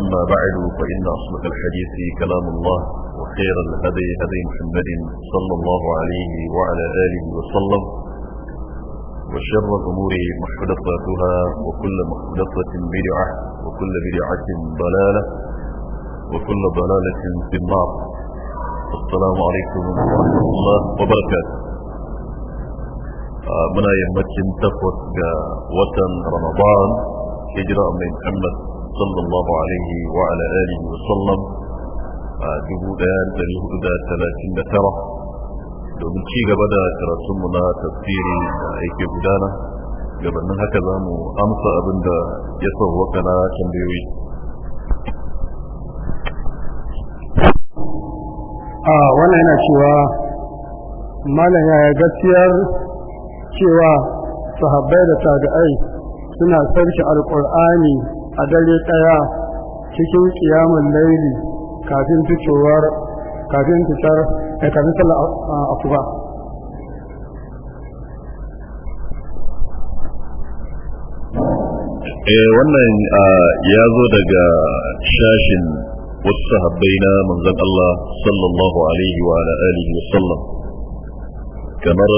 أما بعد فإن أصدق الحديث كلام الله وخير الهدي هدي محمد صلى الله عليه وعلى آله وسلم وشر الأمور محدثاتها وكل محدثة بدعة وكل بدعة ضلالة وكل ضلالة في النار السلام عليكم ورحمة الله وبركاته muna yammacin takwas ga watan ramadan hijira mai muhammad صلى الله عليه وعلى آله وسلم آه، دبو ديان تريه دا تلاتين بترة دومن شيء بدا ترسمنا تفسير ايك بدانا قبلنا هكذا مو أمسى أبن دا يصر وكنا شنبيوي آه وانا هنا شواء ما لها يجسير شواء صحبه لتاقعي suna sarki alƙul'ani a dare ɗaya cikin kiyamun laili kafin fitowar kafin fitar da kafin sallar asuba eh wannan ya zo daga shashin wasu sahabbai na manzon Allah sallallahu alaihi wa ala alihi wasallam sallam kamar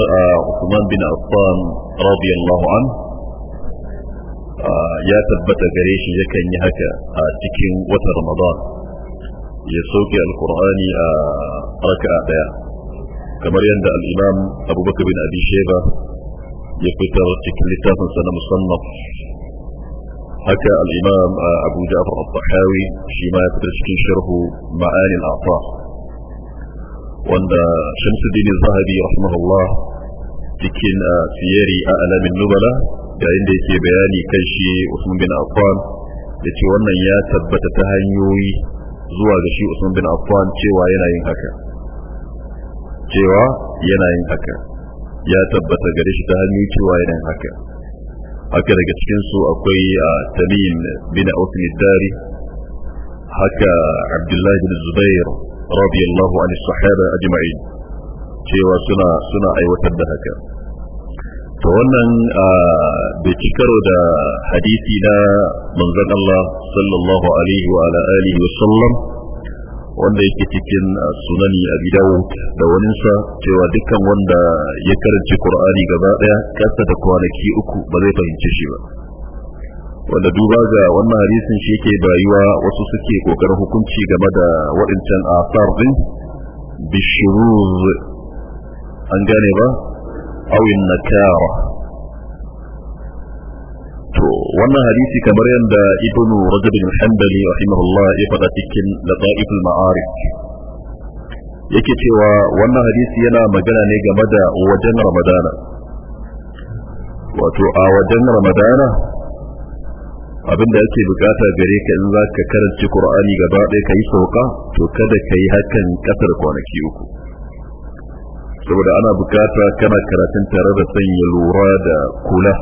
Uthman bin Affan radiyallahu anhu ya tabbata gare shi yakan yi haka a cikin wata ramadan ya sauke alkur'ani a raka'a daya kamar yadda al'imam abubakar bin abi sheba ya fitar cikin sa na musamman haka al'imam abu ja'far al-tahawi shi ma ya fitar cikin sharhu ma'anin afa wanda shamsuddin zahabi rahimahullah cikin siyari a alamin nubala yayin da yake bayani kan shi Usman bin Affan da ce wannan ya tabbata ta hanyoyi zuwa ga shi Usman bin Affan cewa yana yin haka cewa yana yin haka ya tabbata gare shi ta hanyoyi cewa yana yin haka haka daga cikin su akwai a Tamim bin Auf dari haka Abdullahi bin Zubair radiyallahu anhu sahaba ajma'in cewa suna suna aiwatar da haka to wannan da ci karo da hadisi na manzon Allah sallallahu alaihi wa ala alihi wa sallam wanda yake cikin sunani a dawud da waninsa cewa dukkan wanda ya karanci qur'ani gaba daya kasa da kwanaki uku ba zai fahimci shi ba wanda duba ga wannan hadisin shi yake bayuwa wasu suke kokarin hukunci game da waɗancan asar din bishuruz an gane ba aw nakara to wannan hadisi kamar yadda ibn rajab bin hanbali rahimahullah ya faɗa cikin lataiful ma'arif yake cewa wannan hadisi yana magana ne game da wajen ramadana wato a wajen ramadana abinda yake bukata gare ka in za ka karanci qur'ani gaba ɗaya ka yi sauka to kada ka yi hakan ƙasar kwanaki uku saboda ana bukata kana karatun tare da sanya lura da kula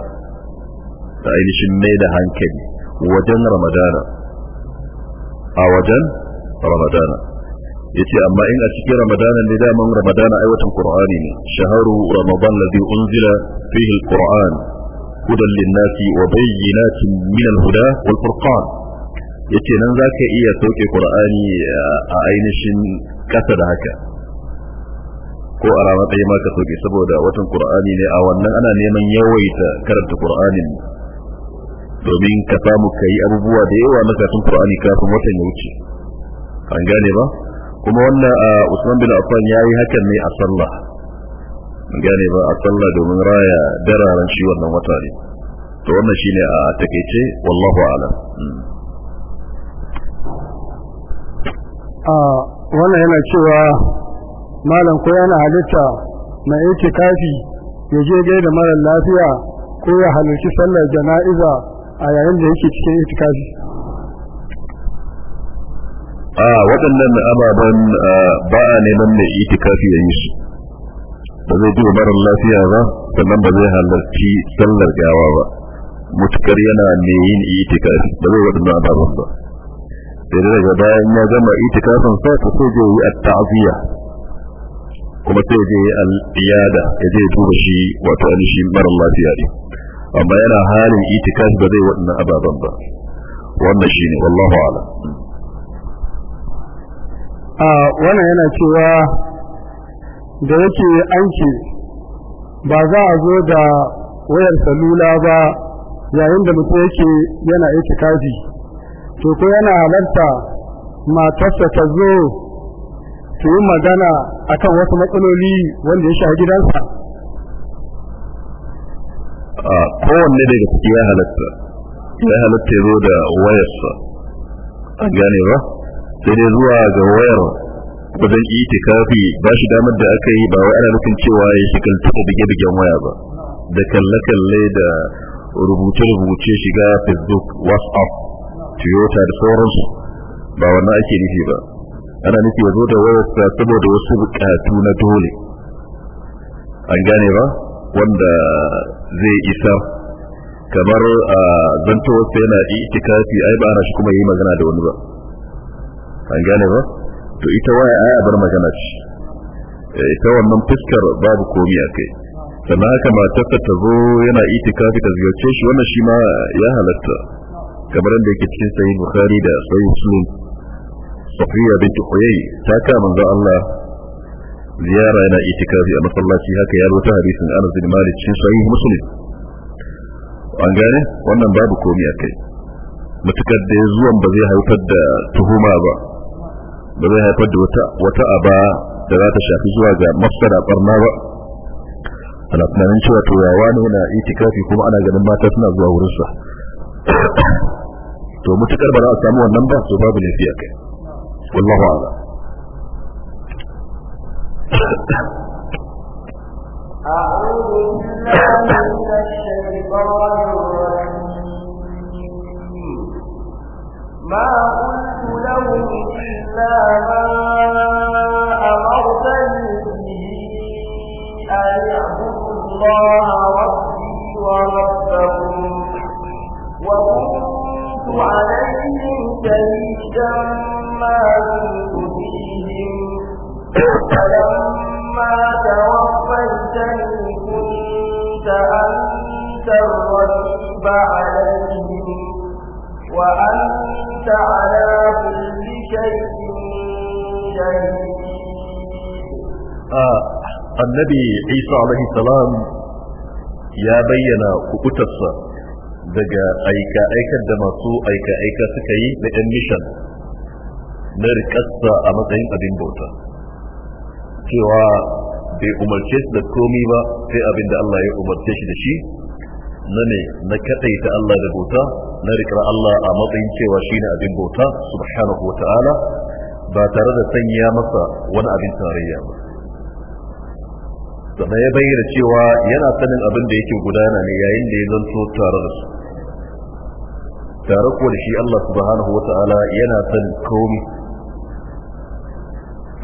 da ainihin mai da hankali wajen ramadana a wajen ramadana yace amma in a cikin ramadana ne daman ramadana aiwatan watan qur'ani ne shaharu ramadan ladhi unzila fihi alquran hudan linnasi wa bayyinatin min alhuda wal furqan yace nan zaka iya sauke qur'ani a ainihin kasa da haka ko a rana ɗaya ma ka soke saboda watan qur'ani ne a wannan ana neman yawaita karanta qur'anin domin ka samu ka yi abubuwa da yawa na karatun qur'ani kafin watan ya wuce an gane ba kuma wannan a usman bin affan ya yi hakan ne a sallah An gane ba a sallah domin raya dararen shi wannan wata ne to wannan shine a takeice wallahu alam hmm. a wannan yana cewa malam ko yana halitta mai yake kafi ya je da mara lafiya ko ya halarci sallar jana'iza a yayin da yake cikin itikafi a waɗannan ababen ba a neman mai itikafi ya yi su ba zai ji mara lafiya ba sannan ba zai halarci sallar gawa ba mutukar yana mai yin itikafi ba zai waɗannan ababen ba sai daga bayan ya gama itikafin sa ta so zai yi at-ta'ziya kuma sai ya je al'iyada ya je duba shi wato shi mara lafiya ne amma yana halin itikafi ba zai waɗannan ababen ba wannan shi ne wallahu ala a wannan yana cewa da yake an ce ba za a zo da wayar salula ba yayin da mutum yake yana itikafi to ko yana halarta matarsa ta zo ke yin magana akan wasu matsaloli wanda ya shahi gidansa a kowanne daga ciki ya halatta ya halatta zo da wayarsa a gane ba sai dai zuwa ga wayar wajen kafi ba shi damar da aka yi ba wai ana nufin cewa ya shigalta da bige-bigen waya ba da kalle-kalle da rubuce-rubuce shiga facebook whatsapp toyota da sauransu ba wannan ake nufi ba ana nufi ya zo da wayarsa saboda wasu bukatu na dole an gane ba wanda zai isa kamar a wasu yana itikafi ai ba ana shi kuma yi magana da wani ba an gane ba to ita waya ai bar magana ce eh, ita wannan fuskar babu komi a kai sannan haka matarsa ta zo yana itikafi ta ziyarce shi wannan shi ma ya halatta kamar da yake cikin sahih bukhari da sahih muslim safiya binti huyai ta kama manzo Allah ziyara yana itikafi a masallaci haka ya ta hadisin Anas bin Malik cikin sahih Muslim an gane wannan babu komai akai mutukar da zuwan ba zai haifar da tuhuma ba ba zai haifar da wata wata aba da za ta shafi zuwa ga masara barna ba ana tunanin cewa to yawa ne yana itikafi kuma ana ganin mata suna zuwa wurinsa to mutukar ba za a samu wannan ba to babu laifi kai. wallahu ala أعوذ بالله من الشيطان الرجيم ما قلت لهم إلا ما أمرتني به أن يعبدوا الله ربي وربكم وكنت عليهم شهيدا annabi isa alaihi salam ya bayyana kukutarsa daga aika-aikar da masu aika-aika suka yi na yan mishan na rikarsa a matsayin abin bauta cewa bai umarce su da komi ba sai abin da Allah ya umarce shi da shi na ne na kadaita Allah da bauta na rikar Allah a matsayin cewa shi ne abin bauta subhanahu wa ta'ala ba tare da sanya masa wani abin tarayya ba sannan ya bayyana cewa yana sanin abin da yake gudana ne yayin da ya zanto tare da su tare ko da shi Allah subhanahu wa ta'ala yana san komi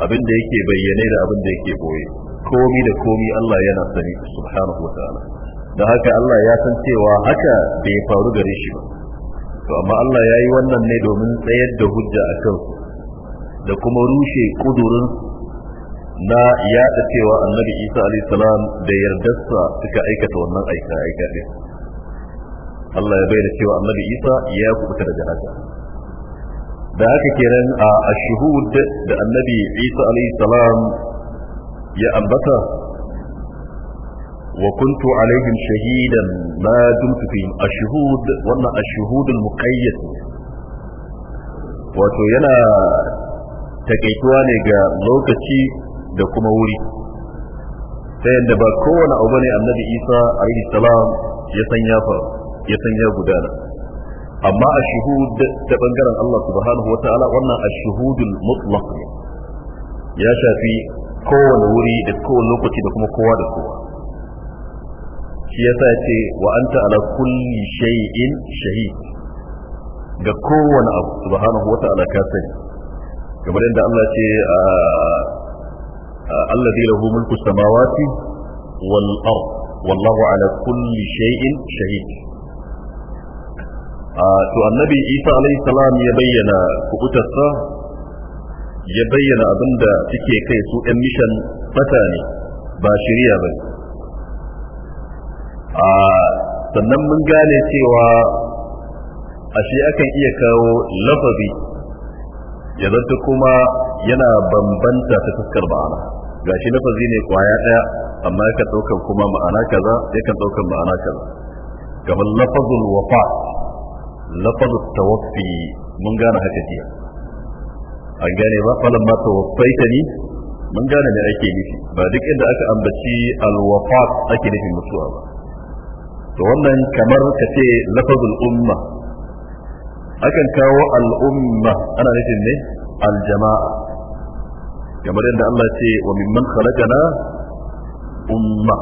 abin da yake bayyane da abin da yake boye komi da komi Allah yana sani subhanahu wa ta'ala da haka Allah ya san cewa haka bai faru gare shi ba to amma Allah ya yi wannan ne domin tsayar da hujja a kansu da kuma rushe kudurinsu na yada cewa annabi isa alaihi salam da yardarsa suka aikata wannan aika aika din Allah ya bayyana cewa annabi isa ya kubuta da haka da haka kenan a ashuhud da annabi isa alaihi salam ya ambata wa kuntu alaihim shahidan ma dumtu fihim ashuhud wannan ashuhud al-muqayyad wato yana takaituwa ne ga lokaci da kuma wuri ta yadda ba kowane abu ne annabi isa a alaihi salam ya sanya fa ya sanya gudana amma a shuhud ta bangaren Allah subhanahu wa ta'ala wannan a shuhudul mutlaq ne ya shafi kowane wuri da kowane lokaci da kuma kowa da kowa shi yasa ya ce wa anta ala kulli shay'in shahid ga kowane abu subhanahu wa ta'ala ka sani kamar yadda Allah ce a. Ah, alladhi lahu mulku samawati wal ard wallahu ala kulli shay'in to annabi Isa alaihi salam ya bayyana kubutarsa ya bayyana abin da suke kai su ɗan mishan fata ne ba shirya ba a sannan mun gane cewa ashe akan iya kawo lafazi ya zanta kuma yana bambanta ta fuskar ma'ana gashi lafazi ne kwaya daya amma yakan daukan kuma ma'ana kaza yakan daukan ma'ana kaza kamar lafazul wafa lafazul tawaffi mun gane haka jiya an gane ba falan ma tawaffaita ni mun gane me ake nufi ba duk inda aka ambaci alwafa ake nufin mutuwa ba to wannan kamar ka ce lafazul umma akan kawo al'umma ana nufin ne aljama'a kamar yadda Allah ya ce wa mimman khalaqana umma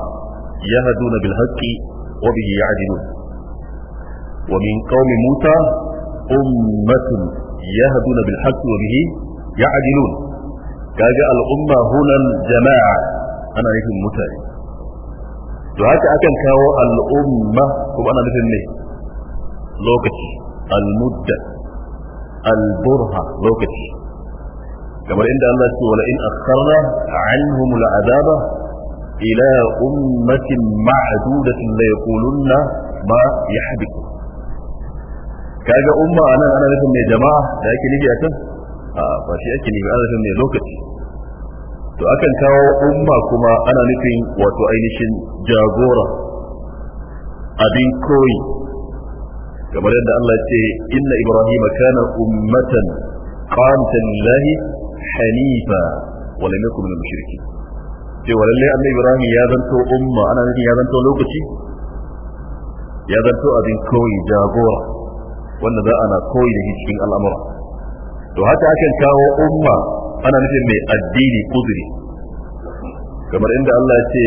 yahduna bil haqqi wa bihi ya'dilun wa min qaumi Musa ummatun yahduna bil haqqi wa bihi ya'dilun kaga al umma hunan jama'a ana nufin mutane to haka akan kawo al umma ko ana nufin ne lokaci al mudda al burha lokaci kamar inda Allah ce wala in akharna anhum al'adaba ila ummatin ma'dudatin la yaqulunna ma yahbiku kaga umma anan ana nufin mai jama'a da ake nufi a can a ba shi ake nufi ana nufin mai lokaci to akan kawo umma kuma ana nufin wato ainihin jagora abin koyi kamar yadda Allah ce inna ibrahima kana ummatan qanitan lillahi hanifa walam yakun min mushriki cewa lalle annabi ibrahim ya zanto umma ana nufin ya zanto lokaci ya zanto abin koyi jagora wanda za ana koyi da cikin al'amura to haka akan kawo umma ana nufin mai addini uzuri kamar inda Allah ce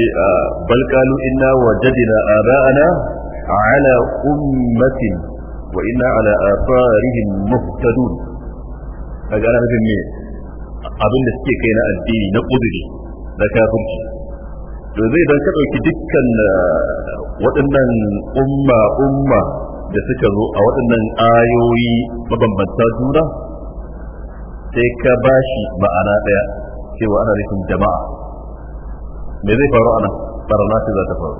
bal qalu inna wajadna aba'ana ala ummatin wa inna ala atharihim muhtadun kaga ana nufin mai abin da suke kai na addini na kuduri na kafirci to zai dan ka dauki dukkan eh, waɗannan umma umma da suka zo a waɗannan ayoyi mabambanta juna sai ka bashi ma'ana ɗaya cewa ana nufin jama'a me zai faru ana barna ce za ta faru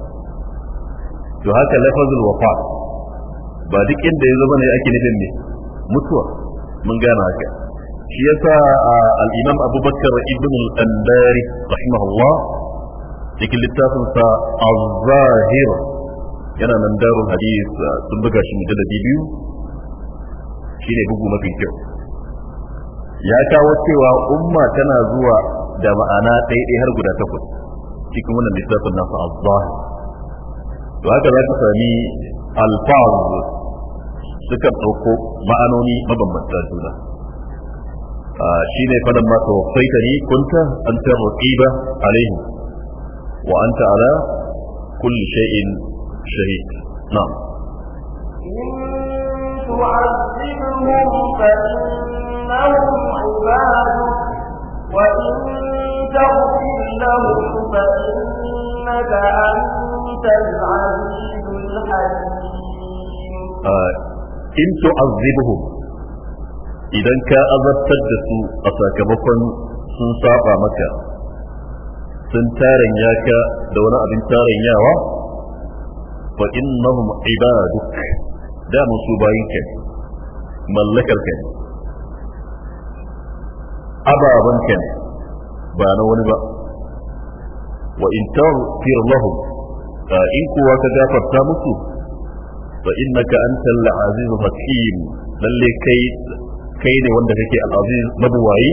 to haka lafazul wafa ba duk inda ya zama ne ake nufin ne mutuwa mun gana haka shi yasa al-imam abubakar ibn al-anbari rahimahullah cikin littafin sa az-zahir yana nan darul hadith sun buga shi mujalladi biyu shine bugu mafi kyau ya kawo cewa umma tana zuwa da ma'ana ɗaya har guda takwas cikin wannan littafin nasu az-zahir to haka za ka sami alfaz suka ɗauko ma'anoni mabambanta juna shine fadan ma tawaffaitani kunta anta raqiba alaihim wa anta ala kulli shay'in shahid na'am تعذبهم فإنهم عبادك وإن تغفر لهم فإنك أنت العزيز الحكيم إن تعذبهم idan ka azabtar da su a sakamakon sun saba maka sun taran ka da wani abin tarin yawa fa innahum ibaduk da musu bayin ka mallakar ka ne ababan ka ba na wani ba wa in taghfir lahum in kuwa ka gafarta musu fa innaka antal azizul hakim lalle kai kai ne wanda kake al'aziz mabuwayi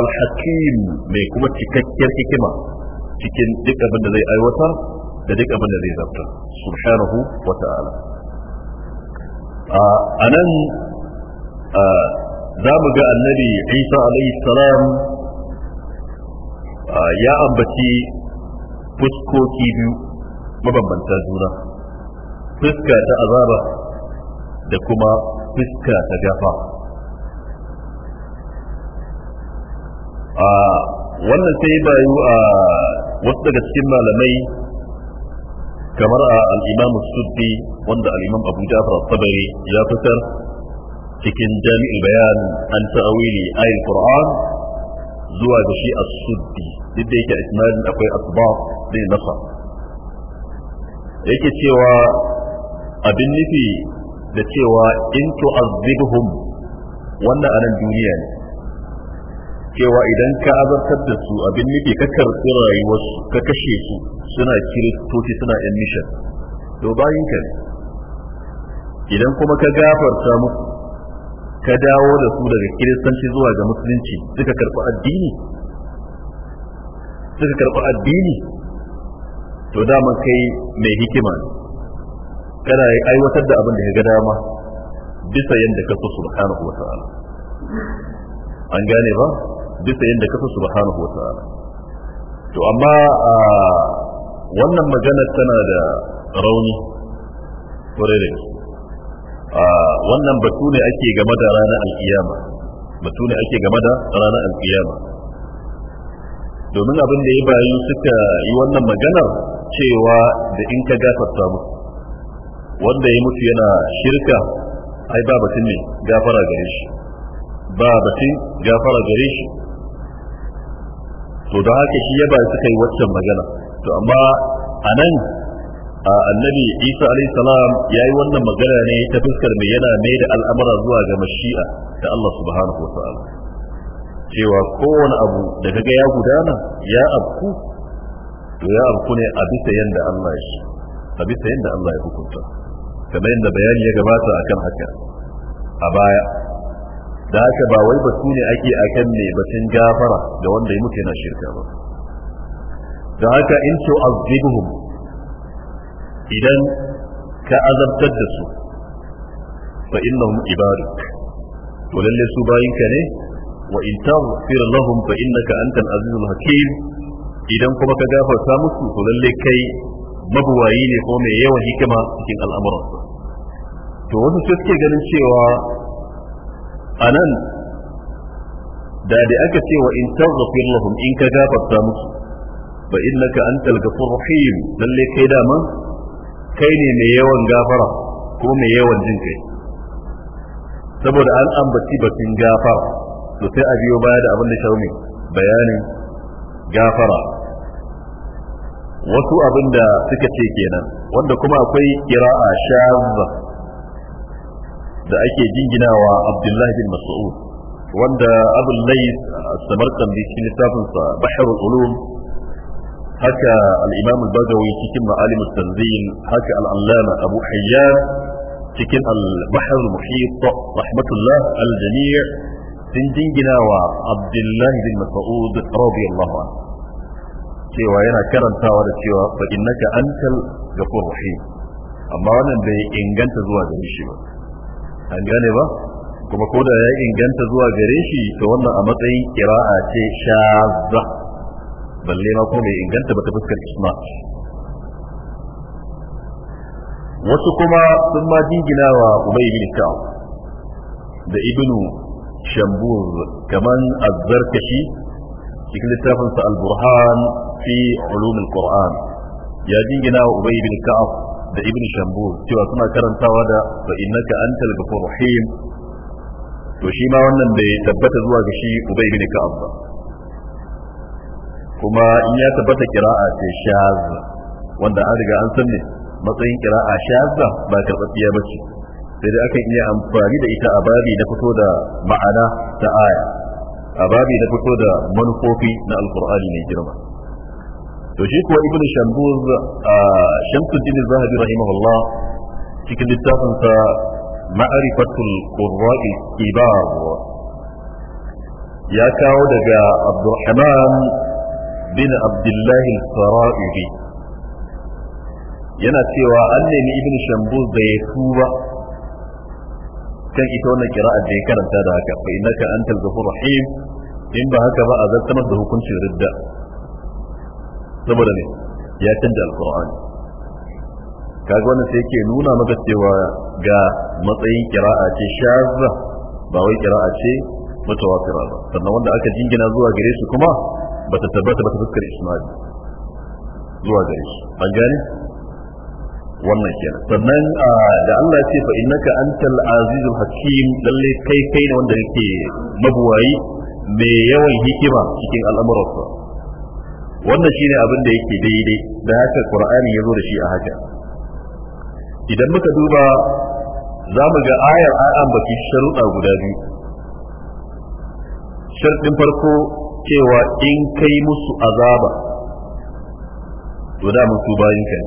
al-hakim mai kuma cikakkiyar hikima cikin duk abin da zai aiwata da duk abin da zai zabta subhanahu wa ta'ala a nan za mu ga annabi isa alaihi salam ya ambaci fuskoki biyu mabambanta juna fuska ta azaba da kuma fuska ta gafa a wannan sai da yi a wasu daga cikin malamai kamar a al'imamu suddi wanda al'imam abu jafar sabari ya fitar cikin jami'in bayan an ta'awili ayil qur'an zuwa ga shi a suddi duk da yake isnadin akwai asba da nasa yake cewa abin nufi da cewa in tu'azzibhum wannan anan duniya ne cewa idan ka azartar da su abin nufi ka karɓi rayuwarsu ka kashe su suna kiristoci suna yan nishan to bayan ka idan kuma ka gafarta musu ka dawo da su daga kiristanci zuwa ga musulunci suka karɓi addini suka karɓi addini to dama kai mai hikima kana aiwatar da abin da ka ga dama bisa yadda ka so subhanahu wa ta'ala an gane ba bisa yadda kafa subhanahu wa ta'ala to amma wannan magana tana da rauni kwarai da wannan batu ne ake game da ranar alkiyama batu ne ake game da ranar alkiyama domin abin da ya bayu suka yi wannan maganar cewa da in ka gafarta mu wanda ya mutu yana shirka ai ba batun ne gafara gare shi ba batun gafara gare shi to da haka shi ya ba suka yi waccan magana to amma a nan annabi isa alayhi ya yi wannan magana ne ta fuskar mai yana mai da al'amura zuwa ga mashi'a da Allah subhanahu wa ta'ala cewa kowane abu da kaga ya gudana ya abku to ya abku ne a bisa yanda Allah ya a bisa yanda Allah ya hukunta kamar yadda bayani ya gabata akan haka a baya da haka ba wai batu ne ake akan mai batun gafara da wanda ya mutu yana shirka ba da haka in to azibuhum idan ka azabtar da su fa innahum ibaduk to lalle su ka ne wa in taghfir lahum fa innaka antal azizul hakim idan kuma ka gafarta musu to lalle kai mabuwayi ne ko mai yawan hikima cikin al'amuransa to wasu sai suke ganin cewa anan da da aka ce wa in taghfir lahum in ka gafarta musu fa innaka antal ghafur rahim lalle kai dama kai ne mai yawan gafara ko mai yawan jin kai saboda an ambaci batun gafara to sai a biyo baya da abin da shaumi bayanin gafara wasu abin da suka ce kenan wanda kuma akwai kira'a shazza da ake jinginawa abdullahi bin mas'ud wanda Abu layth samarkandi cikin littafin sa bahrul ulum haka al-imam al-badawi cikin ma'alim al tanzil haka al-allama abu hayyan cikin al-bahr al-muhit rahmatullah al-jami' sun jinginawa abdullahi bin mas'ud radiyallahu anhu cewa yana karantawa da cewa fa innaka antal ghafur rahim amma wannan bai inganta zuwa gare shi ba an gane ba kuma ko da ya inganta zuwa gare shi to wannan a matsayin kira'a ce shazza balle ma ko mai inganta bata fuskar isma wasu kuma sun ma jingina wa ubay bin ka'ab da ibnu shambur kaman azzarkashi cikin littafinsa al-burhan fi ulum al-qur'an ya jingina wa ubay bin ka'ab da ibn shambur cewa suna karantawa da fa innaka antal ghafurur rahim to shi ma wannan bai tabbata zuwa ga shi ubay bin ka'ab ba kuma in ya tabbata kira'a ce shaz wanda an riga an san ne matsayin kira'a shazza ba karɓaɓɓiya ba ce sai dai akan iya amfani da ita a babi na fito da ma'ana ta aya a babi na fito da manufofi na alkur'ani mai girma to shi kuwa ibnu shambuz shamsuddin zahabi rahimahullah cikin littafin sa ma'rifatul qurra'i kibar ya kawo daga abdurrahman bin abdullahi al-sara'idi yana cewa an nemi ibn shambuz da ya tuba kan ita wannan kira'ar da ya karanta da haka fa innaka antal ghafur rahim in ba haka ba a zartar da hukuncin ridda saboda ne ya canja alqur'ani kaga wannan sai yake nuna maka cewa ga matsayin kira'a ce shazza ba wai kira'a ce mutawatira ba sannan wanda aka jingina zuwa gare shi kuma ba ta tabbata ba ta fuskar isma'il zuwa gare shi an gane wannan kenan sannan da Allah ya ce fa innaka antal azizul hakim lalle kai kai ne wanda yake mabuwayi mai yawan hikima cikin al'amuransa wannan shine abin da yake daidai da haka qur'ani ya zo da shi a haka idan muka duba za mu ga ayar an ambaci sharuɗa guda biyu sharɗin farko cewa in kai musu azaba to da musu bayan ka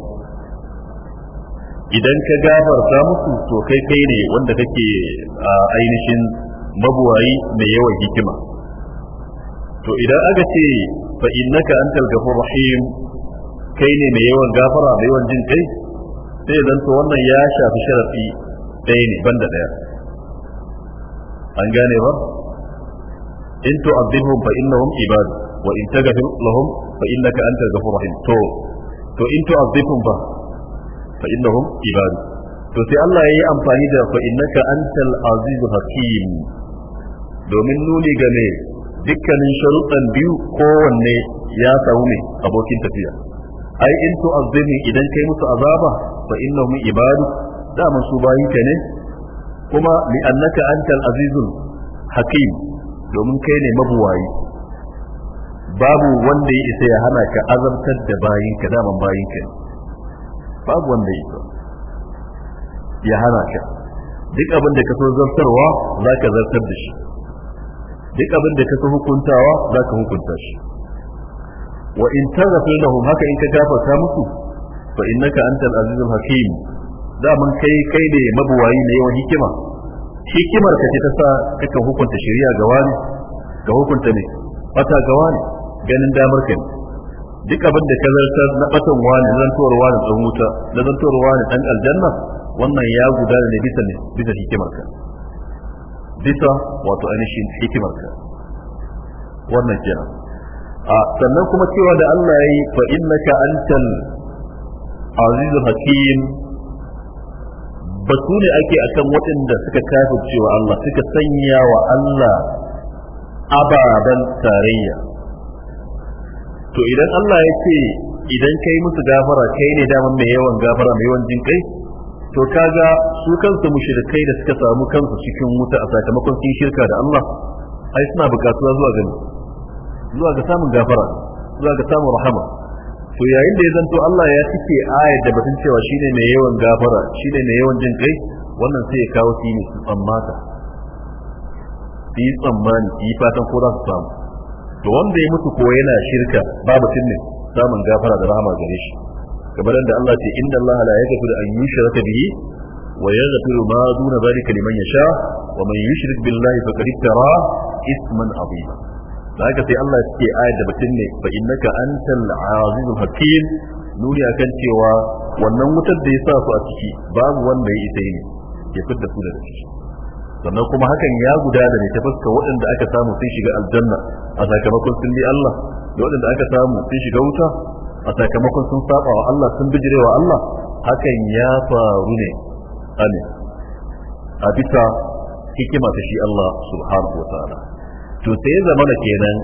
idan ka gafarta musu to kai kai ne wanda kake a ainihin mabuwayi mai yawan hikima to idan aka ce fa innaka antal ghafurur rahim kai ne mai yawan gafara mai yawan jin kai sai zan to wannan ya shafi sharafi ɗaya ne banda ɗaya an gane ba in to abdihum fa innahum ibad wa in taghfir lahum fa innaka antal ghafurur rahim to to in to abdihum fa fa innahum ibad to sai Allah ya yi amfani da fa innaka antal azizul hakim domin nuni ga mai dukkanin sharuɗan biyu kowanne ya samu ne abokin tafiya ai in to azumi idan kai musu azaba fa innahum ibadu dama su bayin ka ne kuma li annaka antal azizul hakim domin kai ne mabuwayi babu wanda ya isa ya hana ka azabtar da bayin ka daman bayin ka babu wanda ya isa ya hana ka duk abin da ka so zartarwa zaka zartar da shi duk abin da ka hukuntawa za ka hukunta shi wa in taghfir lahum haka in ka gafarta musu fa innaka antal azizul hakim da mun kai kai ne mabuwayi ne yawan hikima hikimar ka ce ta sa kake hukunta shari'a ga wani ga hukunta ne bata ga wani ganin damar ka ne duk abin da ka zartar na batan wani zantowar wani tsan wuta na zantowar wani dan aljanna wannan ya guda ne bisa ne bisa hikimar ka bisa wato ainihin hikimarka wannan kenan a sannan kuma cewa da Allah ya yi fa innaka antal azizul hakim batu ne ake akan waɗanda suka kafir cewa Allah suka sanya wa Allah ababen tarayya to idan Allah ya ce idan kai musu gafara kai ne daman mai yawan gafara mai yawan jin kai to kaga su kansu mushrikai da suka samu kansu cikin wuta a sakamakon sun shirka da Allah ai suna bukatuwa zuwa gani zuwa ga samun gafara zuwa ga samun rahama to yayin da ya zanto Allah ya cike ayar da batun cewa shine mai yawan gafara shine mai yawan jin kai wannan sai ya kawo su ne su tsammata su yi tsammani su yi fatan ko za su samu to wanda ya mutu ko yana shirka babu tunne samun gafara da rahama gare shi kamar da Allah ce inna Allah la yaghfiru an yushraka bihi wa yaghfiru ma duna zalika liman yasha wa man yushrik billahi faqad tara, isman azima da haka sai Allah ce ayat da batun ne fa innaka antal azizul hakim nuni akan cewa wannan wutar da ya sa su a ciki babu wanda ya isa ne ya fitar su ciki sannan kuma hakan ya gudana ne ta fuska waɗanda aka samu sun shiga aljanna a sakamakon sun bi Allah da waɗanda aka samu sun shiga wuta a sakamakon sun saba wa Allah sun wa Allah hakan ya faru ne ane a bisa hikima ta shi Allah subhanahu wa ta'ala to sai zamana kenan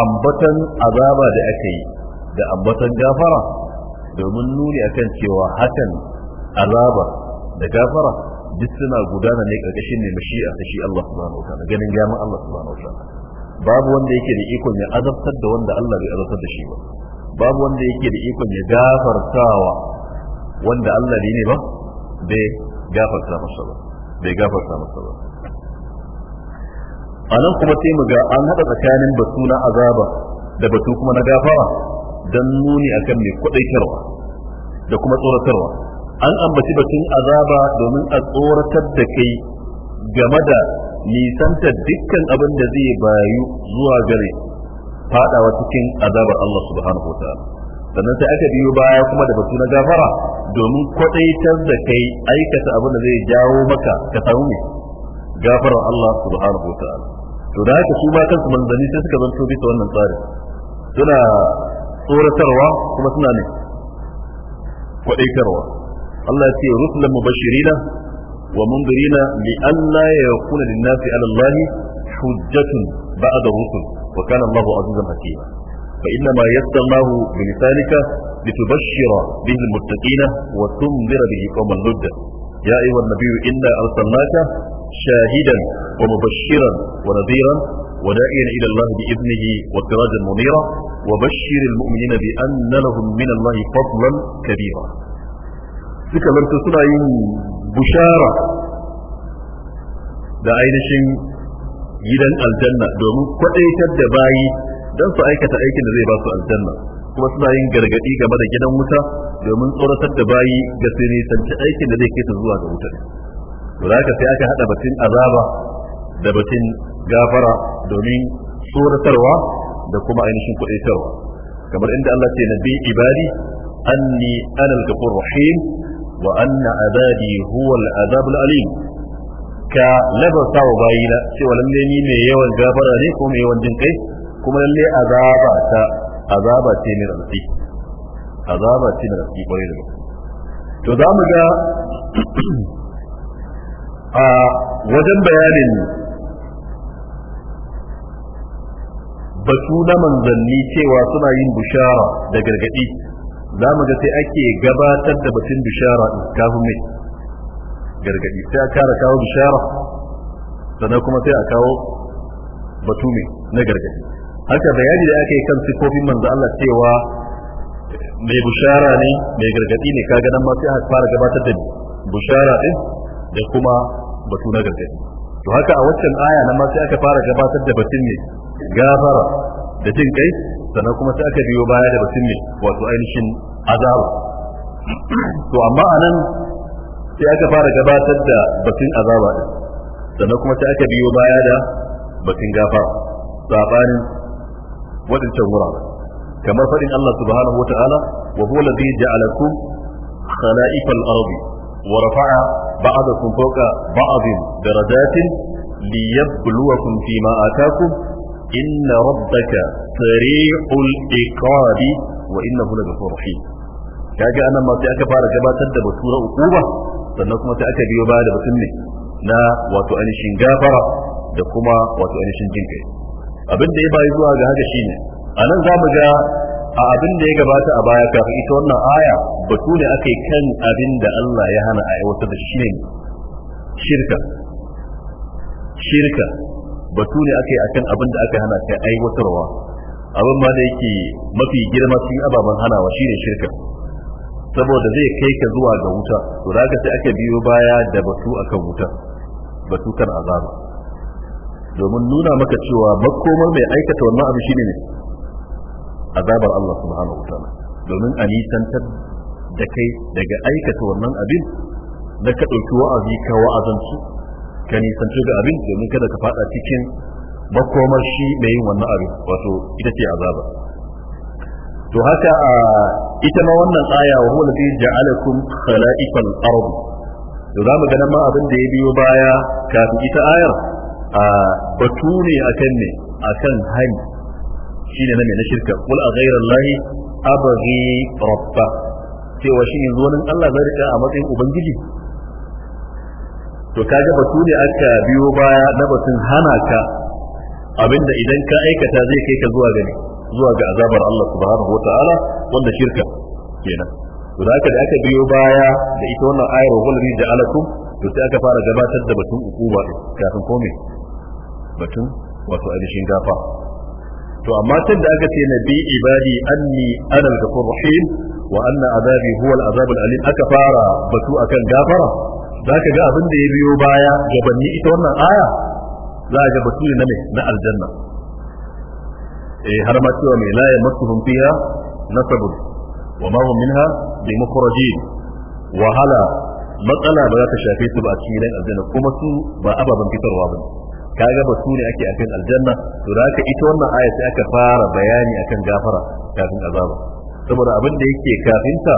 ambatan azaba da aka yi da ambatan gafara domin nuni akan cewa hakan azaba da gafara duk suna gudana ne karkashin ne mashi'a ta shi Allah subhanahu wa ta'ala ganin gaman Allah subhanahu wa ta'ala babu wanda yake da ikon ya azabtar da wanda Allah bai azabtar da shi ba babu wanda yake da ikon ya gafartawa wanda Allah ne ba bai gafarta masa ba bai gafarta masa ba a nan kuma sai mu ga an haɗa tsakanin batu na azaba da batu kuma na gafara don nuni akan mai kwaɗaitarwa da kuma tsoratarwa an ambaci batun azaba domin a tsoratar da kai game da nisantar dukkan abin da zai bayu zuwa gare fadawa cikin azabar Allah subhanahu wataala sannan sai aka biyo baya kuma da batu na gafara domin kwadaitar da kai aikata abin da zai jawo maka ka samu ne gafarar Allah subhanahu wataala to da haka su ma kansu manzanni sai suka zanto bisa wannan tsarin suna tsoratarwa kuma suna ne kwadaitarwa Allah ya ce rusulan mubashirina wa mundirina li yakuna lin-nasi 'ala Allah حجة بعد الرسل وكان الله عزيزا حكيما فإنما يسرناه بلسانك لتبشر به المتقين وتنذر به قوم اللد يا أيها النبي إنا أرسلناك شاهدا ومبشرا ونذيرا وداعيا إلى الله بإذنه وسراجا منيرا وبشر المؤمنين بأن لهم من الله فضلا كبيرا suka zarta بشارة yin bushara da ainihin gidan aljanna domin kwadaitar da bayi don su aikata aikin da zai ba su aljanna kuma suna yin gargadi game da gidan wuta domin tsoratar da bayi ga su aikin da zai kai su zuwa ga wuta to da sai aka hada batun azaba da batun gafara domin tsoratarwa da kuma ainihin kudaitarwa kamar inda Allah ce nabi ibadi anni ana al-ghafur rahim wa anna azabi huwa al-azab al-alim ka labarta wa bayina cewa lalle ni mai yawan gafara ne ko mai yawan jin kai kuma lalle azaba ta azaba ce mai rafi azaba ce mai rafi kwarai da gaske to za mu ga a wajen bayanin batu na manzanni cewa suna yin bushara da gargadi za mu ga sai ake gabatar da batun bushara kafin mai gargadi sai a kara kawo bishara sannan kuma sai a kawo batu ne na gargadi haka bayani da aka yi kan sifofin manzo Allah cewa mai bishara ne mai gargadi ne kaga nan ma sai aka fara gabatar da bishara din da kuma batu na gargadi to haka a waccan aya nan ma sai aka fara gabatar da batun ne gafara da jin kai sannan kuma sai aka biyo baya da batun ne wato ainihin azaba to amma anan sai aka fara gabatar da batun azaba din sannan kuma sai aka biyo baya da batun gafara sabanin wadancan wuraren kamar faɗin Allah subhanahu wa ta'ala wa huwa alladhi ja'alakum خلائف الأرض ورفع بعضكم فوق بعض درجات ليبلوكم فيما آتاكم إن ربك سريع wa وإنه لغفور رحيم kaga anan ma sai aka fara gabatar da basura ukuba sannan kuma sai aka biyo baya da batun ne na wato ainihin gafara da kuma wato ainihin jin kai abin da ya bayi zuwa ga haka shine a nan za mu ga a abin da ya gabata a baya kafin ita wannan aya batu ne aka yi kan abin da Allah ya hana a aiwatar da shi ne shirka shirka batu ne aka yi akan abin da aka hana kai aiwatarwa abin ma da yake mafi girma cikin ababen hanawa shine shirka saboda zai kai ka zuwa ga wuta to za ka sai aka biyo baya da batu akan wuta batu kan azaba domin nuna maka cewa makomar mai aikata wannan abu shine ne azabar Allah subhanahu wataala domin a nisantar da kai daga aikata wannan abin na ka ɗauki wa'azi ka wa'azanci ka nisanci da abin domin kada ka faɗa cikin makomar shi mai yin wannan abin wato ita ce azabar. to haka a ita ma wannan aya wa huwa alladhi ja'alakum khala'ifal ard to zamu ga ma abin da ya biyo baya kafin ita ayar a batu ne akan ne akan hani shine na na shirka qul a ghayra abghi rabba cewa shi yanzu wani Allah zai rika a matsayin ubangiji to kaga batu ne aka biyo baya na batun hana ka abinda idan ka aikata zai kai ka zuwa gani zuwa ga azabar Allah subhanahu wataala wanda shirka kenan to da haka da aka biyo baya da ita wannan ayar wa kulli ja'alakum to sai aka fara gabatar da batun ukuba kafin kome batun wato ainihin gafa to amma tun da aka ce nabi ibadi anni ana al-ghafur rahim wa anna azabi huwa al-azab al-alim aka fara batu akan gafara Za ka ga abin da ya biyo baya gabanni ita wannan aya za a ga batu ne na aljanna eh har ma cewa mai la yamassuhum fiha nasab wa ma hum minha bi mukhrajin wahala matsala ba za ta shafe su ba a cikin gidan aljanna kuma su ba ababen fitarwa ba kaga ba su ne ake a akan aljanna to da haka ita wannan aya sai aka fara bayani akan gafara kafin azaba saboda abin da yake kafinta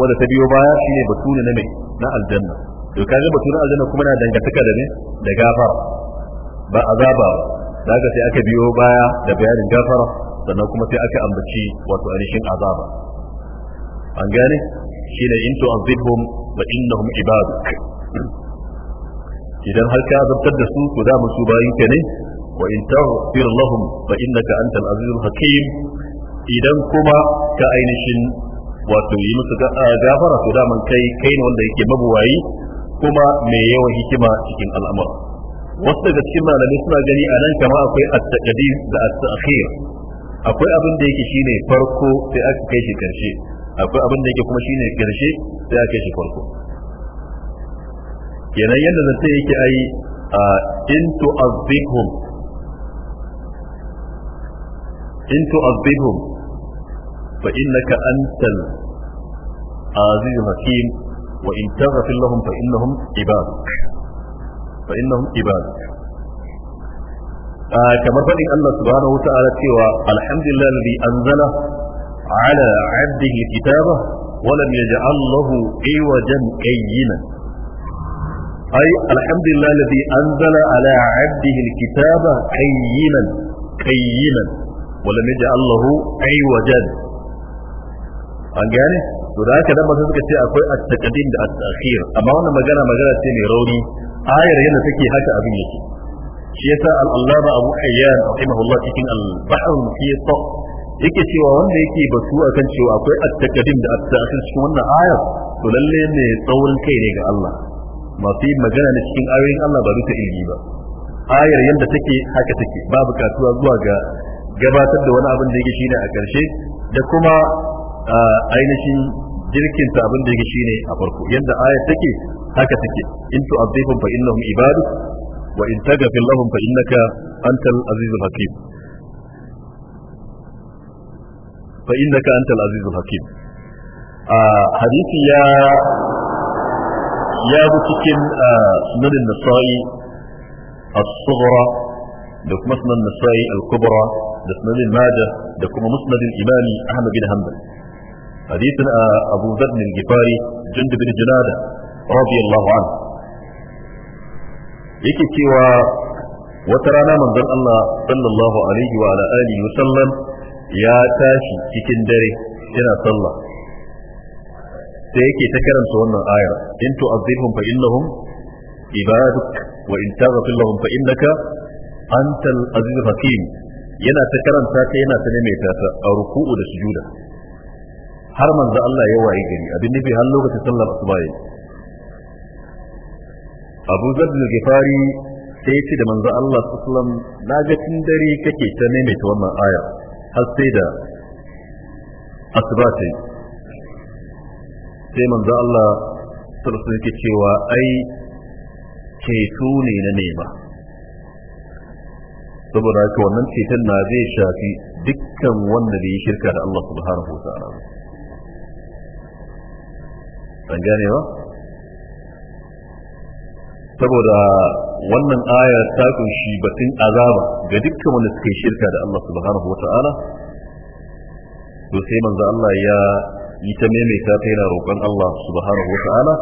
wanda ta biyo baya shine batu ne na mai na aljanna to ga batu na aljanna kuma na dangantaka da ne da gafara ba azaba ba daga sai aka biyo baya da bayanin gafara sannan kuma sai aka ambaci wato ainihin azaba an gane shine in tu'azibhum fa innahum ibaduk idan har ka azabtar da su ku da su bayin ka ne wa in taghfir lahum fa innaka antal azizul hakim idan kuma ka ainihin wato yi musu ah, gafara to da kai kai ne wanda yake mabuwayi kuma mai yawan hikima cikin al'amura wasu daga cikin malamai suna gani a nan kama akwai at-taqdim da at-ta'khir akwai abin da yake shine farko sai aka kai shi karshe akwai abin da yake kuma shine karshe sai aka kai shi farko kenan yadda zance yake ai Into tu'azzibhum in tu'azzibhum fa innaka antal azizul hakim wa in taghfir lahum fa innahum ibaduk فإنهم عبادك آه، كما قال الله سبحانه وتعالى الحمد لله الذي أنزل على عبده الكتابة ولم يجعل له عوجا قيما أي الحمد لله الذي أنزل على عبده الكتاب قيما قيما ولم يجعل له عوجا an gane لما da haka dan ba suka ce akwai at-taqdim ayar yana take haka abin yake shi yasa al-allama abu ayyan rahimahullah cikin al-bahr al-muhit yake cewa wanda yake batu akan cewa akwai at-taqdim da at-ta'khir cikin wannan ayar to lalle ne tsaurin kai ne ga Allah masu magana na cikin ayoyin Allah ba duka ilimi ba ayar yadda take haka take babu bukatuwa zuwa ga gabatar da wani abin da yake shine a karshe da kuma ah, ainihin jirkin abin da yake shine a farko yadda ayar take haka take in tu'adhibhum fa innahum ibaduk wa in taghfir lahum fa innaka antal azizul hakim fa innaka antal azizul hakim a hadisi ya ya bi cikin sunan nasa'i as-sughra da kuma sunan nasa'i al-kubra da sunan majah da kuma musnad al-imani ahmad bin hanbal hadisin abu dharr al-ghifari jundub bin junada radiyallahu anhu yake cewa wata rana manzon Allah sallallahu alaihi wa alihi wa sallam ya tashi cikin dare yana sallah sai yake ta karanta wannan ayar in tu'azzibhum fa innahum ibaduk wa in taghfir lahum yana ta karanta ta yana ta maimaita ta a ruku'u da sujuda har manzo Allah ya waye gari abin nufi har lokacin sallar asuba yayi abu zardu gifari sai ce da manzo Allah sallam na ga tun dare kake ta maimaita wannan aya har sai da asuba ce sai manzo Allah sallallahu alaihi cewa ai ceto ne na nema saboda haka wannan ceton na zai shafi dukkan wanda bai yi shirka da Allah subhanahu wa ta'ala an gane ba saboda wannan aya ta kunshi batun azaba ga dukkan wanda suka yi shirka da Allah subhanahu wata'ala to sai manzo Allah ya yi ta maimaita ta yana roƙon Allah subhanahu wata'ala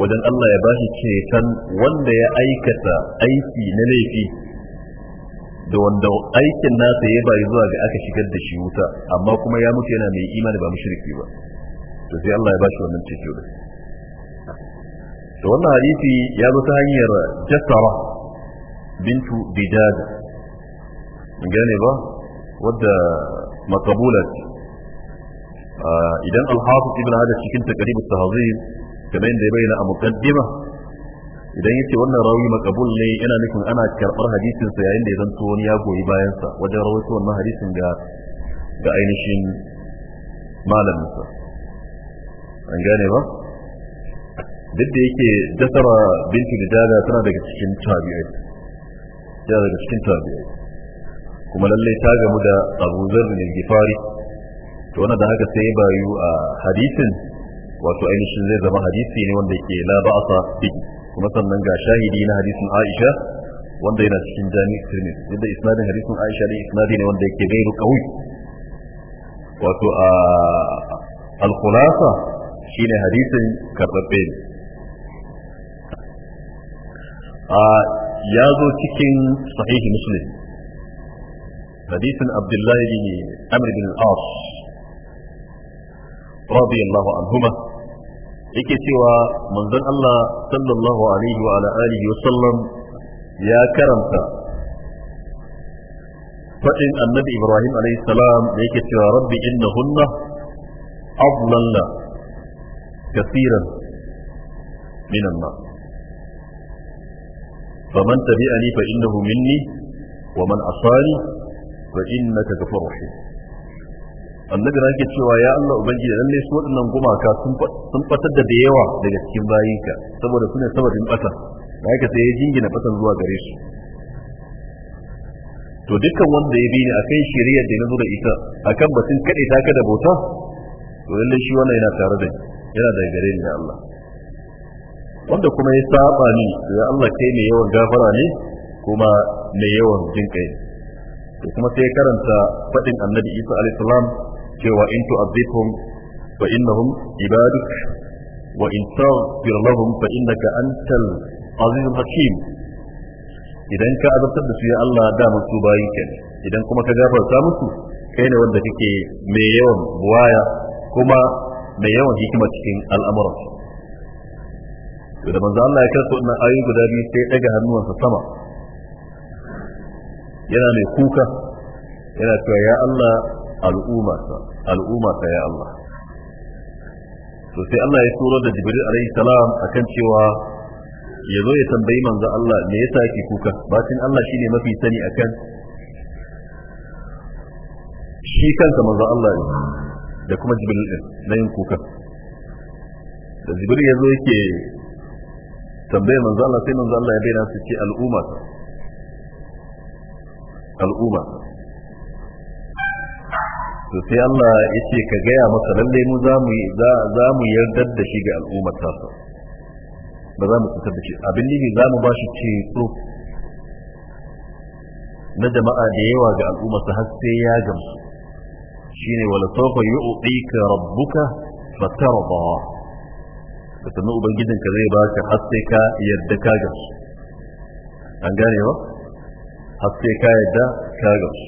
wajen Allah ya bashi ceton wanda ya aikata aiki na laifi da wanda aikin nasa ya bayi zuwa ga aka shigar da shi wuta amma kuma ya mutu yana mai imani ba mushriki ba to sai Allah ya bashi wannan ceto da to wannan hadisi ya zo ta hanyar jassara bintu bidad gane ba wadda makabulat idan alhafiz ibn hajar cikin takarib tahzib kamar yadda ya bayyana a muqaddima idan yace wannan rawi makabul ne yana nufin ana karbar hadisin sa yayin da ya zanto wani ya goyi bayan sa wajen rawaito wannan hadisin ga ga ainihin malamin sa an gane ba duk da yake dasara binti bijada tana daga cikin tabi'ai tana daga cikin tabi'ai kuma lallai ta gamu da abu zarri ne gifari to wannan da haka sai bayu a hadisin wato ainihin zai zama hadisi ne wanda yake la ba'asa bi kuma sannan ga shahidi na hadisin Aisha wanda yana cikin jami'i Tirmidhi yadda isnadin hadisin Aisha ne isnadi ne wanda yake gairu qawi wato a al-khulasa shine hadisin karbabbe ne ya zo cikin sahihi muslim hadisin abdullahi bin amr bin al-as radiyallahu anhuma yake cewa manzon Allah sallallahu alaihi wa alihi wa sallam ya karanta fadin annabi Ibrahim alaihi salam da yake cewa rabbi innahunna adlalna kasiran minan nas faman tabi'ani fa innahu minni wa man asani fa annabi na ke cewa ya Allah ubangiji lalle su waɗannan gumaka sun fatar da yawa daga cikin bayinka saboda ne sababin bata na haka sai ya jingina batan zuwa gare su to dukkan wanda ya bi ni akan shari'ar da na zo da ita akan batun kaɗe ta ka da bauta to lalle shi wannan yana tare da yana da gare ni ya Allah wanda kuma ya saba ni ya Allah kai mai yawan gafara ne kuma mai yawan jin kai to kuma sai karanta fadin annabi Isa alayhi salam cewa in tu'adhibhum fa innahum ibaduk wa in taghfir lahum fa innaka antal azizul hakim idan ka azabtar da su ya Allah da musu bayin kenan idan kuma ka gafarta musu kai ne wanda kake mai yawan buwaya kuma mai yawan hikima cikin al'amuransu to da manzo Allah ya karanta wannan ayoyi guda biyu sai ya daga hannuwansa sama yana mai kuka yana cewa ya Allah al'umma al'umma al'ummata ya Allah to sai Allah ya turo da Jibril alaihi salam akan cewa ya zo ya tambayi manzo Allah me yasa yake kuka bacin Allah shine mafi sani akan shi kansa manzo Allah ne da kuma Jibril din na yin kuka da Jibril ya zo yake tambaye manzo Allah sai manzo Allah ya bayyana su ce al'umma al'umma to sai Allah yace ka gaya masa lalle mu za mu za mu yardar da shi ga al'umma ta ba za mu fitar da shi abin ne za mu ba shi ceto na jama'a da yawa ga al'umma su har sai ya gamsu shine wala sawfa yu'tika rabbuka fatarda da sannan ubangijin ka zai baka har sai ka yadda ka ga su, an gane ba har sai ka yadda ka ga su.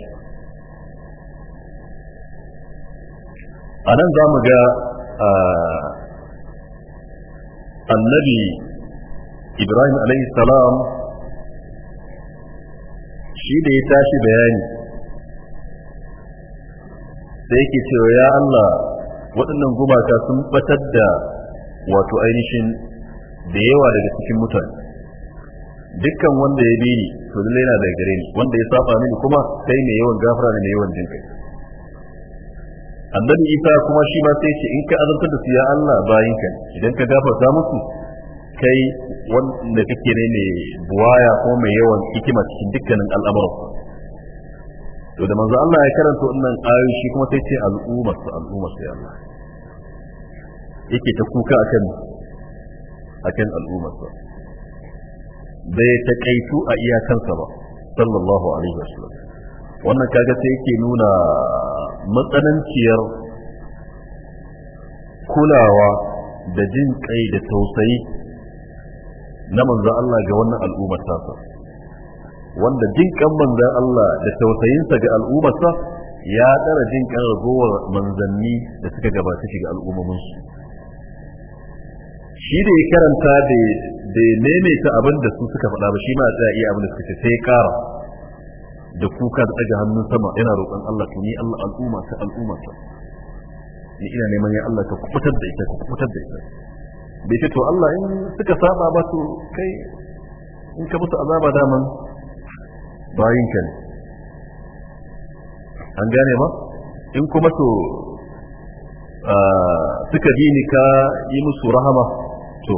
a nan za mu ga annabi ibrahim alaihi salam shi da ya tashi bayani sai yake cewa ya allah waɗannan gumaka sun batar da wato ainihin da yawa daga cikin mutane dukkan wanda ya bi ni to lalle yana da gare ni wanda ya saba mini kuma sai mai yawan gafara ne mai yawan jin annabi isa kuma shi ma sai ce in ka azabtar da su ya Allah bayin ka idan ka gafarta musu kai wanda kake ne mai buwaya ko mai yawan hikima cikin dukkanin al'amuran to da manzo Allah ya karanta wannan ayoyi shi kuma sai ce al'ummar su al'ummar su ya Allah yake ta kuka akan akan al'ummarsa bai ta taƙaitu a iyakansa ba sallallahu alaihi wasallam wannan kaga sai yake nuna matsananciyar kulawa da jin kai da tausayi na manzo Allah ga wannan al'ummar tasa wanda jin kan manzo Allah da tausayinsa ga al'ummarsa ya tsara jin kan ragowar manzanni da suka gabata shi ga al'ummominsu shi da ya karanta da da maimaita abin da su suka faɗa ba shi ma tsaya iya abin da suka ce sai ƙara da kuka da ɗaga hannun sama yana roƙon Allah to ni Allah al'umma ta al'umma ta ni ina neman ya Allah ka kubutar da ita ka kubutar da ita bai ce to Allah in suka saba ba to kai in ka mutu azaba daman bayin ka ne an gane ba in kuma to ah, suka bi ni ka yi musu rahama to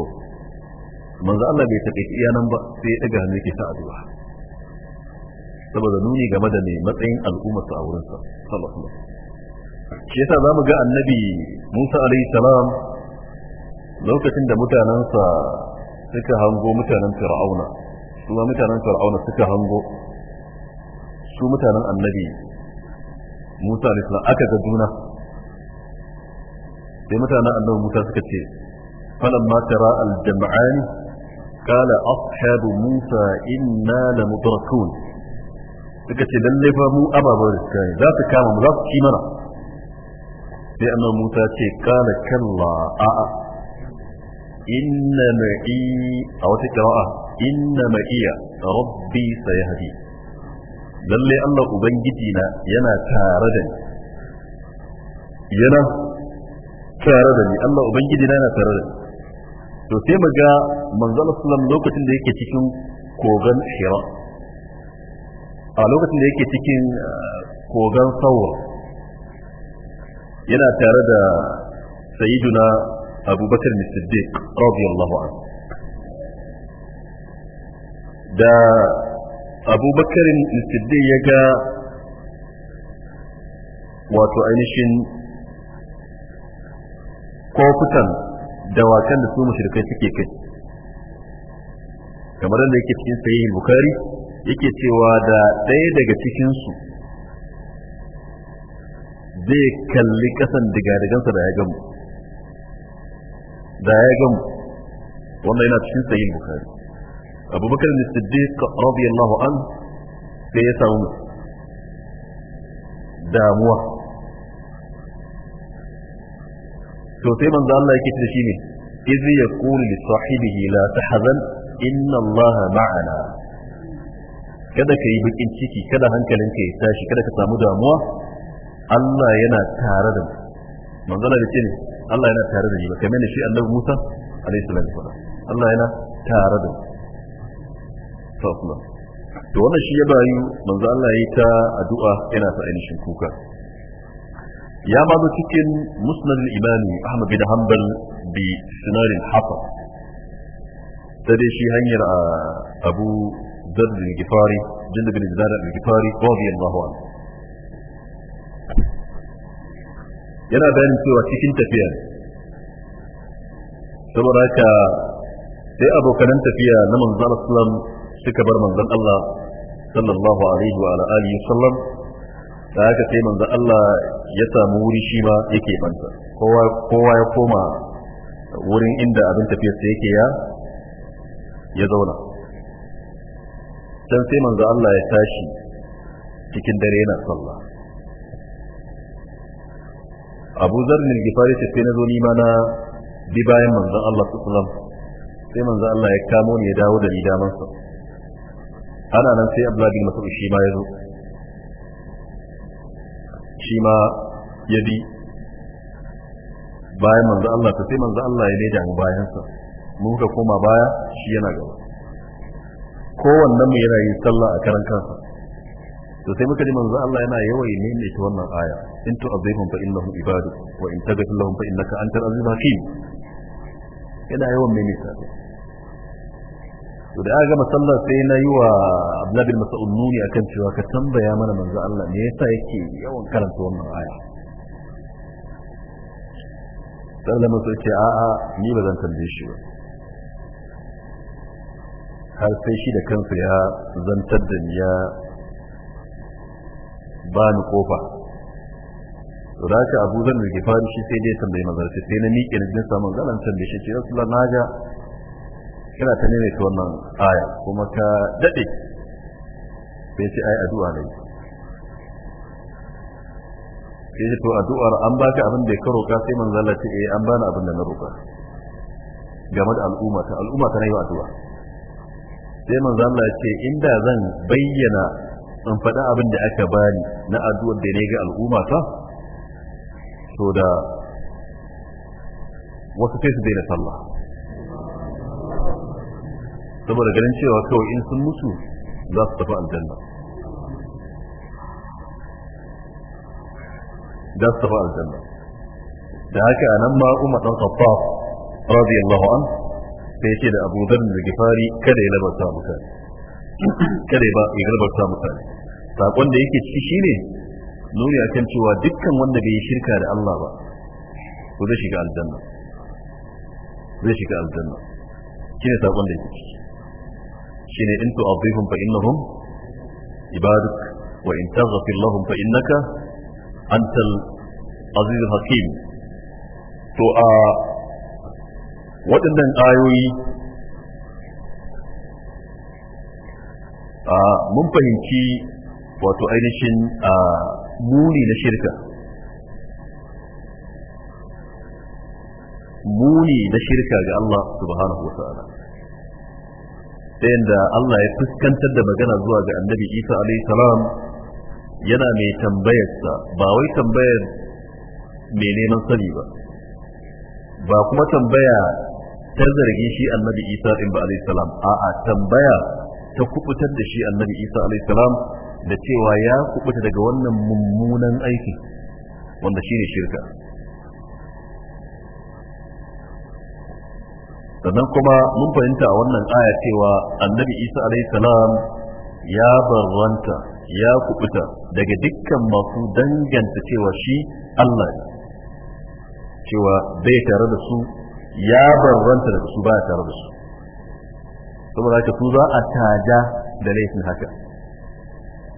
manzo Allah bai taƙaita iya nan ba sai ya daga hannu ke ta addu'a saboda nuni game da ne matsayin al'umma su a wurin sa sallallahu alaihi shi yasa zamu ga annabi Musa alaihi salam lokacin da mutanansa suka hango mutanen Fir'auna su ma mutanen Fir'auna suka hango su mutanen annabi Musa alaihi salam aka ga juna sai mutanen annabi Musa suka ce فلما ترى الجمعان قال أصحاب موسى إنا لمدركون تكتي للفا مو أبا بارك لا تكام مغاب كيمنا لأن موسى قال كلا آآ آه. إنما إي أو تكراء ان معي ربي سيهدي للي الله أبنجدنا ينا تاردا ينا تاردا لأن الله أبنجدنا ينا to sai mu ga manzon sallam lokacin da yake cikin kogan shira a lokacin da yake cikin eh, kogan sawa yana tare da sayyiduna abubakar siddiq radiyallahu anhu da abubakar siddiq ya ga wato ainihin kofutan dawakan da su mushrikai suke kai kamar da yake cikin sahihi bukari yake cewa da ɗaya daga cikin su zai kalli kasan digadigansa da ya gamu da ya gamu wanda yana cikin sahihi bukari abu bakar ne siddiq radiyallahu an sai ya samu damuwa to sai manzo Allah yake ce shi ne iz yaqulu li sahibihi la tahzan inna Allah ma'ana kada ka yi bakin ciki kada hankalin ka ya tashi kada ka samu damuwa Allah yana tare da mu manzo Allah ce ne Allah yana tare da ni ba kamar shi Allah Musa alaihi salam Allah yana tare da mu to wannan shi ya bayu manzo Allah ya yi ta addu'a yana sa ainihin kuka يا بعض تكن مسند الإمام أحمد بن حنبل بسنار الحفر تدري شي هاي آه، أبو ذر بن الجفاري جند بن ذر بن الجفاري رضي الله عنه ينا بان سورة تكن تفيا سورة كا سي أبو كنان تفيا نمن ذر السلام سكبر من ذر الله صلى الله عليه وعلى آله وسلم da haka sai manzo Allah ya samu wuri shi ma yake banta kowa kowa ya koma wurin inda abin tafiyar sa yake ya ya zauna dan sai manzo Allah ya tashi cikin dare yana sallah Abu Zar ne gifari sai na zo ni ma na bi bayan manzan Allah su alaihi wasallam sai manzon Allah ya kamo ni ya dawo da ni damansa ana nan sai Abdullah bin Mas'ud shi ma ya zo shi ma ya bi bayan manzo Allah ta sai manzo Allah ya daida mu bayansa mu ka koma baya shi yana gaba kowannen mu yana yin sallah a karan kansa to sai muka ji manzo Allah yana yawai ne ne ta wannan aya in tu'azibhum fa innahum ibadu wa in taghfir lahum fa innaka antal azizul hakim yana yawan maimaita to da ya gama sallar sai na yi wa Abdullahi bin Mas'ud nuni akan cewa ka tambaya mana manzo Allah me yasa yake yawan karanta wannan aya sallar masu ce a'a ni ba zan tambaye shi ba har sai shi da kansa ya zantar da ni ya ba ni kofa to da ka Abu Zar da faru shi sai dai tambaye manzo sai na miƙe na jin samun zalan tambaye shi ce Rasulullah na ga kana ta nene ta wannan aya kuma ta dade sai ce ai addu'a ne sai ce to addu'ar an ba ka abin da ya karo ka sai manzo Allah ce eh an bani abin da na roka game da al'umma ta al'umma ta nayi addu'a sai manzo Allah ce inda zan bayyana in faɗa abin da aka bani na addu'ar da ne ga al'umma ta to da wasu sai su daina sallah saboda ganin cewa kawai in sun mutu za su tafi aljanna za su tafi aljanna da haka anan ma Umar dan Khattab radiyallahu an sai yake da Abu Dharr da Gifari kada ya labarta mutane kada ba ya labarta mutane sakon da yake ciki shine nuni akan cewa dukkan wanda bai shirka da Allah ba ko zai shiga aljanna zai shiga aljanna shine sakon da yake ciki shine in tu'adhibhum fa innahum ibaduk wa in taghfir lahum fa innaka antal aziz hakim to a waɗannan ayoyi mun fahimci wato ainihin muni na shirka muni na shirka ga Allah subhanahu wa ta'ala ta yadda Allah ya fuskantar da magana zuwa ga annabi Isa alaihi salam yana mai tambayarsa ba wai tambayar mai neman sani ba ba kuma tambaya ta zargi shi annabi Isa din ba alaihi salam a'a tambaya ta kubutar da shi annabi Isa alaihi salam da cewa ya kubuta daga wannan mummunan aiki wanda shine shirka sannan kuma mun fahimta a wannan aya cewa annabi isa alaihi salam ya barranta ya kubuta daga dukkan masu danganta cewa shi Allah ne cewa bai tare da su ya barranta daga su baya tare da su saboda haka su za a taja da laifin haka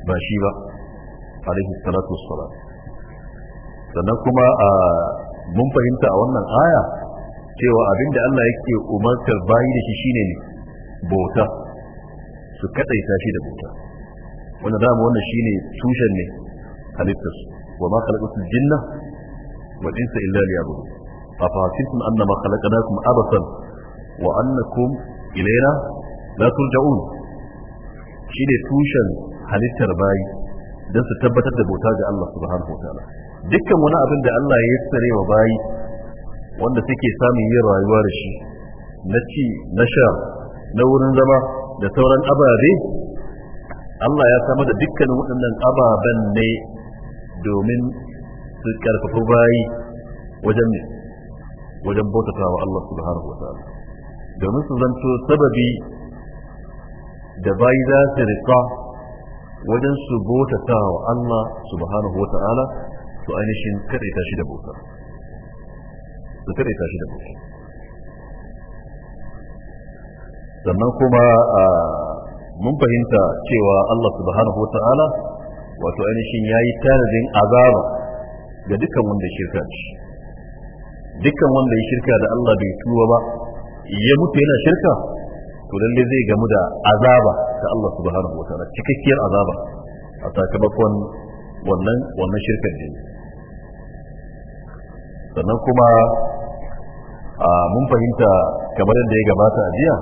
ba shi ba alaihi salatu wassalam sannan kuma mun fahimta a wannan aya cewa abin da Allah yake umartar bayi da shi shine ne bota su kadaita shi da bota wanda dama wannan shine tushen ne halittar su wa ma khalaqatul jinna wal insa illa liya'budun afa hasibtum annama khalaqnakum abasan wa annakum ilaina la turja'un shine tushen halittar bayi don su tabbatar da bota ga Allah subhanahu wa ta'ala dukkan wani abin da Allah ya tsare wa bayi wanda suke samun yin rayuwa da shi na ci na sha na wurin zama da sauran ababe Allah ya samar da dukkanin waɗannan ababen ne domin su karfafi bayi wajen ne wajen bautata wa Allah subhanahu wa ta'ala domin su zanto sababi da bayi za su riƙa wajen su bautata wa Allah subhanahu wa ta'ala su ainihin kaɗaita shi da bautar. da kada ta shi da sannan kuma mun fahimta cewa Allah subhanahu wa ta'ala wato ainihin ya yi tanadin azaba ga dukkan wanda ya shirka shi dukkan wanda ya shirka da Allah bai tuwa ba ya mutu yana shirka to lalle zai gamu da azaba ta Allah subhanahu wa ta'ala cikakkiyar azaba a sakamakon wannan wannan shirkar ne sannan kuma mun fahimta kamar yadda ya gabata a jiya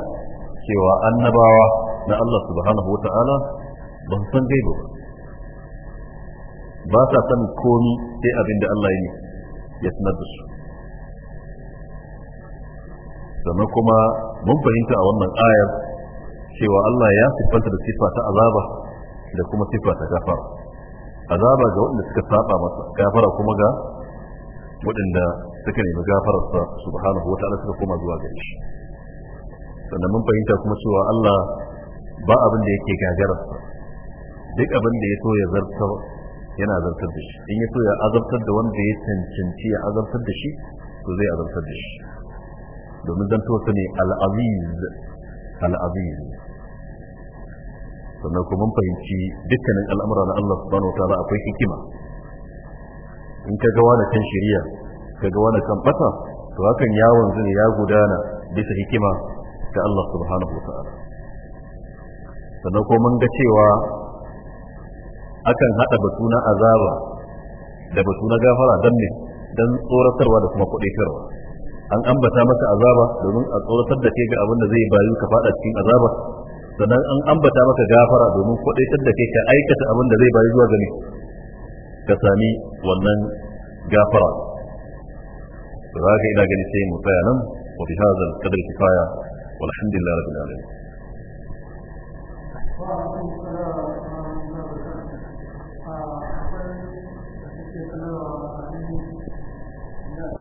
cewa annabawa na Allah subhanahu wa ta'ala ba su san gaibu ba ba sa san komi sai abin da Allah yi ya sanar da su sannan kuma mun fahimta a wannan ayar cewa Allah ya siffanta da siffa ta azaba da kuma siffa ta gafara azaba ga waɗanda suka saba masa gafara kuma ga waɗanda suka nemi gafararsa subhanahu wa ta'ala suka koma zuwa gare shi sannan mun fahimta kuma cewa Allah ba abin da yake gagararsa duk abin da ya so ya zartar yana zartar da shi in ya so ya azabtar da wanda ya cancanci ya azabtar da shi to zai azabtar da shi domin zan su ne al-aziz al-aziz sannan kuma mun fahimci dukkanin al'amura na Allah subhanahu wa ta'ala akwai hikima in ka gawa da kan shari'a kaga wani kan bata to hakan ya wanzu ne ya gudana bisa hikima ta Allah subhanahu wa ta'ala sannan ko mun ga cewa akan hada batu na azaba da batu na gafara dan ne don tsoratarwa da kuma kudaitarwa an ambata maka azaba domin a tsoratar da ke ga abin da zai bayu ka fada cikin azaba sannan an ambata maka gafara domin kudaitar da ke ka aikata abin da zai bayu zuwa gani ka sami wannan gafara فذلك إلى جل شيء متعنا وبهذا القدر كفاية والحمد لله رب العالمين